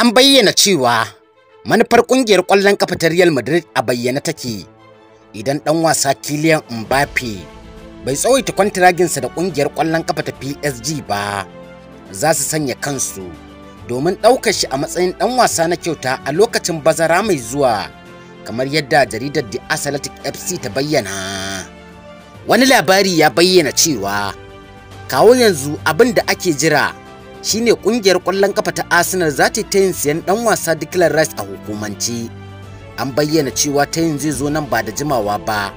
An bayyana cewa manufar ƙungiyar ƙwallon ƙafa ta Real Madrid a bayyana take idan ɗan wasa Kylian Mbappe bai tsawaita kwantiraginsa da ƙungiyar ƙwallon ƙafa ta PSG ba za su sanya kansu domin ɗaukar shi a matsayin ɗan wasa na kyauta a lokacin bazara mai zuwa kamar yadda jaridar The Athletic FC ta bayyana. Wani labari ya bayyana cewa kawo yanzu abin da ake jira shine kungiyar kwallon kafa ta Arsenal za ta yin siyan dan wasa Declan Rice a hukumance. An bayyana cewa ta yin zai zo nan ba da jimawa ba.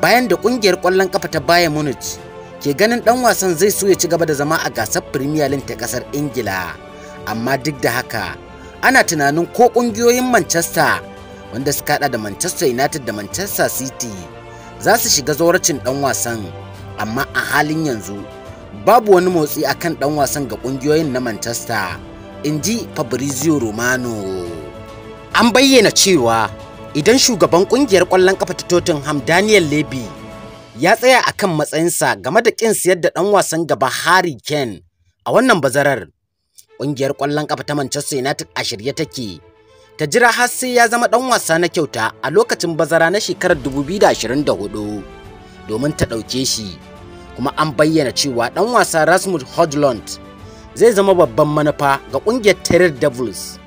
Bayan da kungiyar kwallon kafa ta Bayern Munich ke ganin dan wasan zai so ya ci gaba da zama a gasar Premier League ta kasar Ingila. Amma duk da haka, ana tunanin ko kungiyoyin Manchester wanda suka hada da Manchester United da Manchester City za su shiga zauracin dan wasan. amma a halin yanzu babu wani motsi akan ɗan wasan ga ƙungiyoyin na Manchester, in ji Fabrizio Romano. An bayyana cewa idan shugaban ƙungiyar ƙwallon ƙafa ta Tottenham Daniel Levy ya tsaya akan matsayinsa game da ƙin siyar da ɗan wasan gaba Harry Kane a wannan bazarar. Ƙungiyar kwallon ƙafa ta Manchester United a shirye take ta jira har sai ya zama ɗan wasa na kyauta a lokacin bazara na shekarar 2024 domin ta ɗauke shi. kuma an bayyana cewa ɗan wasa Rasmus Hojlund zai zama babban manufa ga ƙungiyar Terrier Devils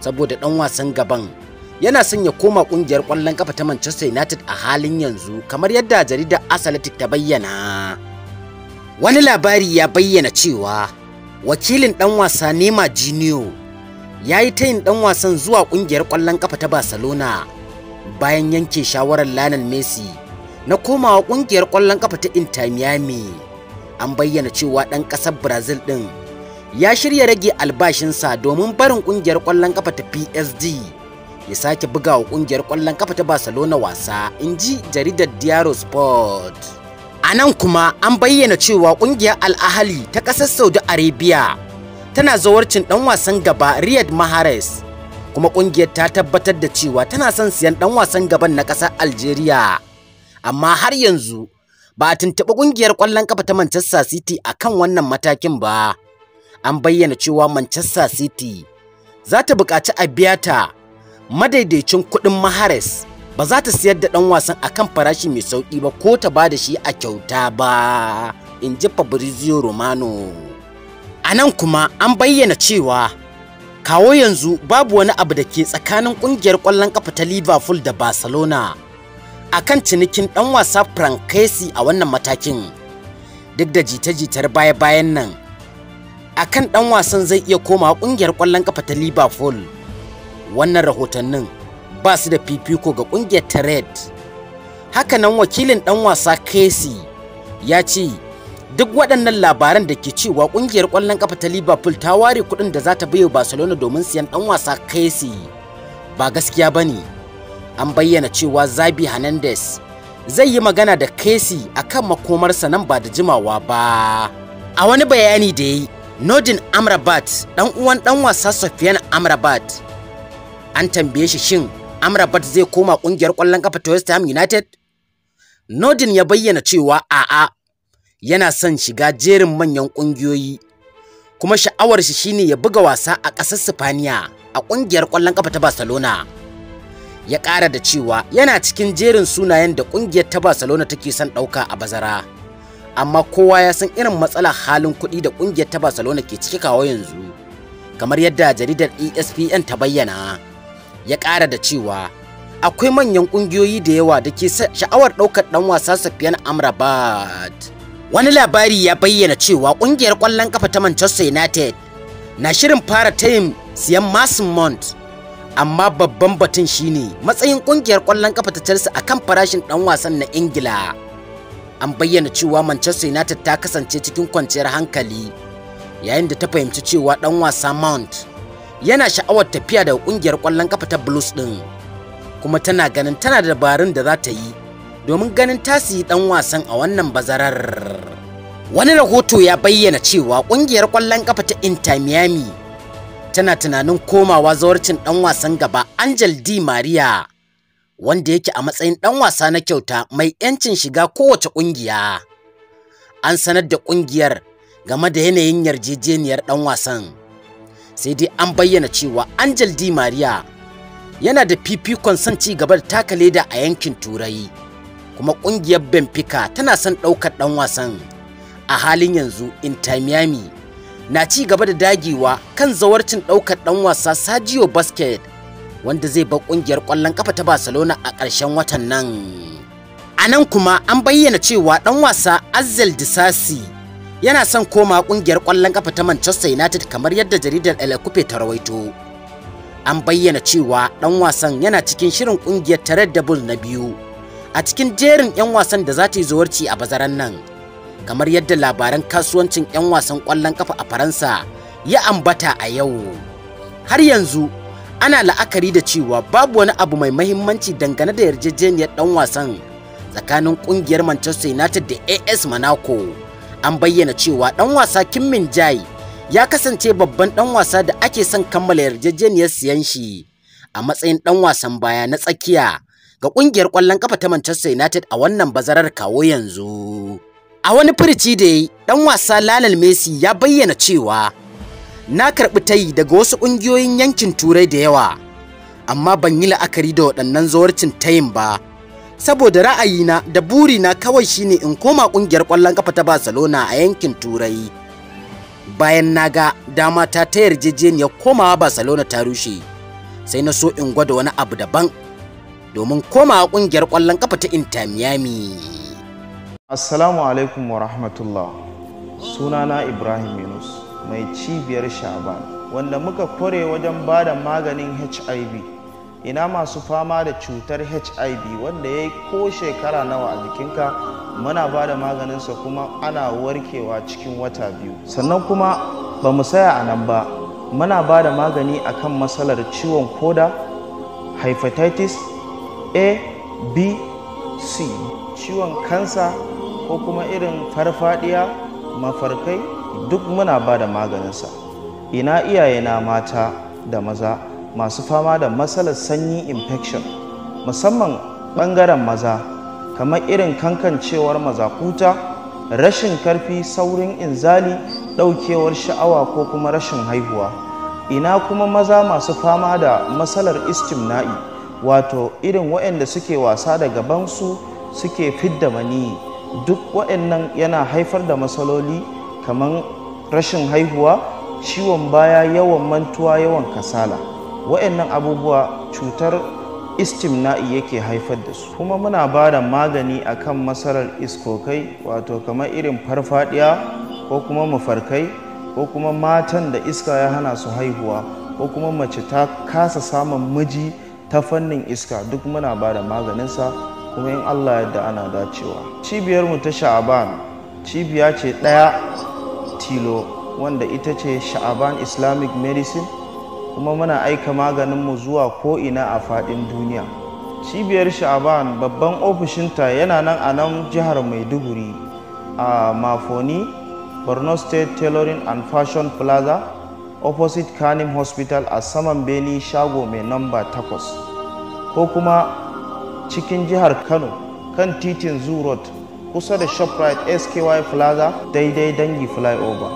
saboda ɗan wasan gaban yana son ya koma ƙungiyar ƙwallon kafa ta Manchester United a halin yanzu kamar yadda jaridar Athletic ta bayyana. Wani labari ya bayyana cewa wakilin ɗan wasa Neymar Junior ya yi tayin ɗan wasan zuwa ƙungiyar ƙwallon kafa ta Barcelona bayan yanke shawarar Lionel Messi na komawa kungiyar ƙwallon kafa ta Inter Miami. An bayyana cewa ɗan ƙasar Brazil ɗin ya shirya rage albashinsa domin barin kungiyar ƙwallon kafa ta PSD, ya sake bugawa kungiyar kwallon kafa ta Barcelona wasa, inji jaridar Diario Sport. A nan kuma an bayyana cewa kungiyar Al-Ahli ta ƙasar Saudi Arabia tana zawarcin ɗan wasan gaba Riyad Mahrez kuma kungiyar ta tabbatar da cewa tana son siyan ɗan wasan gaban na ƙasar Algeria amma har yanzu ba a tuntuɓi ƙungiyar ƙwallon ƙafa ta Manchester City a kan wannan matakin ba. An bayyana cewa Manchester City za ta buƙaci a biya ta madaidaicin kuɗin Mahares ba za ta siyar da ɗan wasan a kan farashi mai sauƙi ba ko ta ba da shi a kyauta ba, in ji Fabrizio Romano. A nan kuma an bayyana cewa kawo yanzu babu wani abu da ke tsakanin ƙungiyar ƙwallon ƙafa ta Liverpool da Barcelona. akan cinikin ɗan wasa Frankesi a wannan matakin. Duk da jita-jitar baya-bayan nan, akan ɗan wasan zai iya komawa ƙungiyar kwallon kafa ta Liverpool. Wannan rahotannin ba su da fifiko ga ƙungiyar ta Red. Hakanan wakilin ɗan wasa Casey ya ce duk waɗannan labaran da ke cewa ƙungiyar ƙwallon kafa ta Liverpool ta ware kuɗin da za ta bayo Barcelona domin siyan ɗan wasa Casey ba gaskiya bane an bayyana cewa zabi hernandez zai yi magana da kesi akan makomarsa nan ba da jimawa ba a wani bayani da ya yi nodin amrabat dan uwan dan wasa sofiyan amrabat an tambaye shi shin amrabat zai koma kungiyar kwallon kafa ta west ham united nodin ya bayyana cewa a'a yana son shiga jerin manyan kungiyoyi kuma sha'awar shi shine ya buga wasa a ƙasar sifaniya a ƙungiyar ƙwallon ƙafa ta barcelona ya ƙara da cewa yana cikin jerin sunayen da ƙungiyar ta barcelona take son ɗauka a bazara amma kowa ya san irin matsalar halin kuɗi da ƙungiyar ta barcelona ke ciki kawo yanzu kamar yadda jaridar espn ta bayyana ya ƙara da cewa akwai manyan ƙungiyoyi da yawa da ke sha'awar ɗaukar ɗan wasa safiyan amrabat wani labari ya bayyana cewa ƙungiyar ƙwallon ƙafa ta manchester united na shirin fara tayin siyan mason mount amma babban batun shine matsayin kungiyar kwallon kafa ta Chelsea akan farashin dan wasan na Ingila. An bayyana cewa Manchester United ta kasance cikin kwanciyar hankali yayin da ta fahimci cewa dan wasa Mount yana sha'awar tafiya daga kungiyar kwallon kafa ta Blues din. Kuma tana ganin tana da dabarun da za ta yi domin ganin ta tasiri dan wasan a wannan bazarar. Wani rahoto ya bayyana cewa kungiyar kwallon kafa ta Inter Miami tana tunanin komawa zawarcin ɗan wasan gaba Angel Di Maria wanda yake a matsayin ɗan wasa na kyauta mai 'yancin shiga kowace ƙungiya. An sanar da ƙungiyar game da yanayin yarjejeniyar ɗan wasan. Sai dai an bayyana cewa Angel Di Maria yana da fifikon son ci gaba da taka leda a yankin Turai. Kuma ƙungiyar Benfica tana son ɗaukar ɗan wasan. A halin yanzu Inter Miami na ci gaba da dagewa kan zawarcin ɗaukar ɗan wasa Sergio Basket wanda zai bar ƙungiyar ƙwallon ƙafa ta Barcelona a ƙarshen watan nan. A nan kuma an bayyana cewa ɗan wasa Azel Disasi yana son koma ƙungiyar ƙwallon ƙafa ta Manchester United kamar yadda jaridar El Cupe ta rawaito. An bayyana cewa ɗan wasan yana cikin shirin ƙungiyar Red Bull na biyu a cikin jerin 'yan wasan da za ta yi zuwarci a bazaran nan. kamar yadda labaran kasuwancin 'yan wasan ƙwallon kafa a Faransa ya ambata a yau. Har yanzu ana la'akari da cewa babu wani abu mai mahimmanci dangane da yarjejeniyar ɗan wasan tsakanin ƙungiyar Manchester United da AS Monaco. An bayyana cewa ɗan wasa Kim Min ya kasance babban ɗan wasa da ake son kammala yarjejeniyar siyan shi a matsayin ɗan wasan baya na tsakiya ga ƙungiyar ƙwallon kafa ta Manchester United a wannan bazarar kawo yanzu. A wani firici da ya yi, ɗan wasa Lalal Messi ya bayyana cewa, Na karɓi tayi daga wasu ƙungiyoyin yankin Turai da yawa, amma ban yi la'akari da waɗannan zawarcin tayin ba, saboda ra'ayina da burina kawai shine in koma ƙungiyar ƙwallon ƙafa ta Barcelona a yankin Turai. Bayan na ga dama ta ta yarjejeniyar komawa Barcelona ta rushe, sai na so in gwada wani abu daban domin komawa ƙungiyar ƙwallon ƙafa ta Inter Miami. Assalamu alaikum wa rahmatullah sunana Ibrahim Yunus mai cibiyar Sha'ban wanda muka kware wajen ba da maganin HIV ina masu fama da cutar HIV wanda ya yi ko shekara nawa a jikinka muna bada da maganinsa kuma ana warkewa cikin wata biyu sannan kuma ba mu saya a nan ba muna ba da magani akan matsalar ciwon koda hepatitis A B C ciwon kansa ko kuma irin farfadiya mafarkai duk muna ba da maganinsa ina iyayena mata da maza masu fama da matsalar sanyi infection musamman ɓangaren maza kamar irin kankancewar mazakuta rashin karfi saurin inzali ɗaukewar sha'awa ko kuma rashin haihuwa ina kuma maza masu fama da matsalar istimna'i wato irin waɗanda suke wasa da gabansu suke fidda maniyi duk waɗannan yana haifar da matsaloli kamar rashin haihuwa ciwon baya yawan mantuwa yawan kasala waɗannan abubuwa cutar istim na'i yake haifar da su kuma muna ba da magani a kan masarar iskokai wato kamar irin farfadiya ko kuma mafarkai ko kuma matan da iska ya hana su haihuwa ko kuma mace ta kasa samun miji ta fannin iska duk muna ba da maganinsa kuma in Allah yadda ana dacewa cibiyarmu ta sha'aban cibiya ce ɗaya tilo wanda ita ce sha'aban islamic medicine kuma muna aika maganinmu zuwa ko'ina a faɗin duniya cibiyar sha'aban babban ofishinta yana nan a nan jihar maiduguri a mafoni borno state tailoring and fashion plaza opposite kanim hospital a saman beni shago mai namba 8 ko kuma cikin jihar kano kan titin zoo road kusa da shoprite sky plaza daidai dangi flyover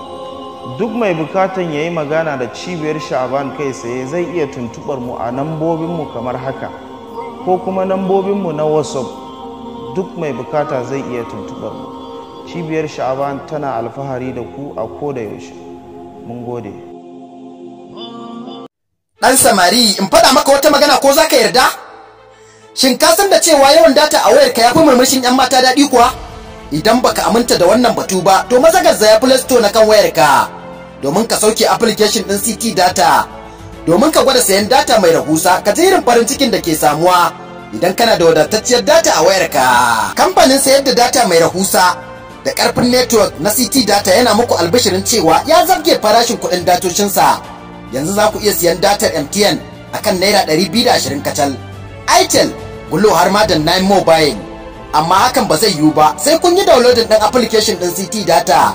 duk mai bukatan ya yi magana da cibiyar sha'aban kai saye zai iya tuntubar mu a nambobinmu kamar haka ko kuma nambobinmu na whatsapp duk mai bukata zai iya tuntubar mu cibiyar sha'aban tana alfahari da ku a koda yaushe mun gode ɗan samari in faɗa maka wata magana ko za ka yarda Shin ka san da cewa yawan data a wayarka ya fi murmushin 'yan mata daɗi kuwa? Idan baka aminta da wannan batu ba, to maza zaya Play Store na kan wayarka domin ka sauke application ɗin CT data. Domin ka gwada sayan data mai rahusa, ka ji irin farin cikin da ke samuwa idan kana da wadatacciyar data a wayarka. Kamfanin sayar da data mai rahusa da ƙarfin network na CT data yana muku albishirin cewa ya zabge farashin kuɗin datocinsa. Yanzu za ku iya siyan datar MTN akan Naira 220 kacal. Itel gullo har ma da nine mobile amma hakan ba zai yiwu ba sai kun yi downloading ɗin application ɗin ct data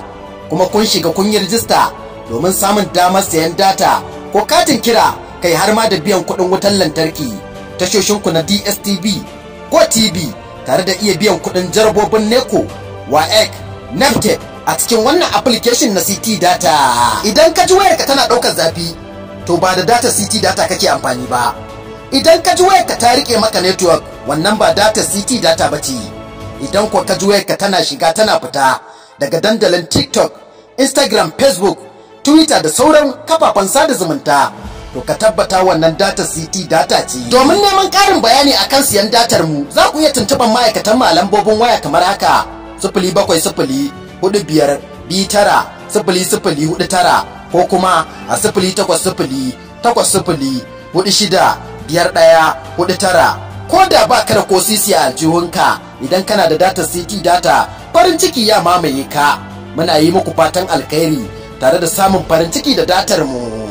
kuma kun shiga kun yi rijista domin samun damar sayan data ko katin kira kai har ma da biyan kuɗin wutar lantarki tashoshinku na dstv ko tv tare da iya biyan kuɗin jarabobin neco waec naftek a cikin wannan application na ct data idan ka ji wayarka tana ɗaukar zafi to ba da data ct data kake amfani ba idan ka ji wayarka ta rike maka network wannan ba data city data ba ce idan kuwa ka ji wayarka tana shiga tana fita daga dandalin tiktok instagram facebook twitter da sauran kafafen sada zumunta to ka tabbata wannan data city data ce domin neman ƙarin bayani akan siyan datar mu za ku iya tuntuɓar ma'aikatan malambobin waya kamar haka sifili bakwai sifili hudu biyar biyu tara sifili sifili hudu tara ko kuma a sifili takwas sifili takwas sifili hudu shida biyar ɗaya hudu tara ko da ba ka da kosisi a aljihunka idan kana da data city data farin ciki ya mamaye ka muna yi muku fatan alkhairi tare da samun farin ciki da datar mu.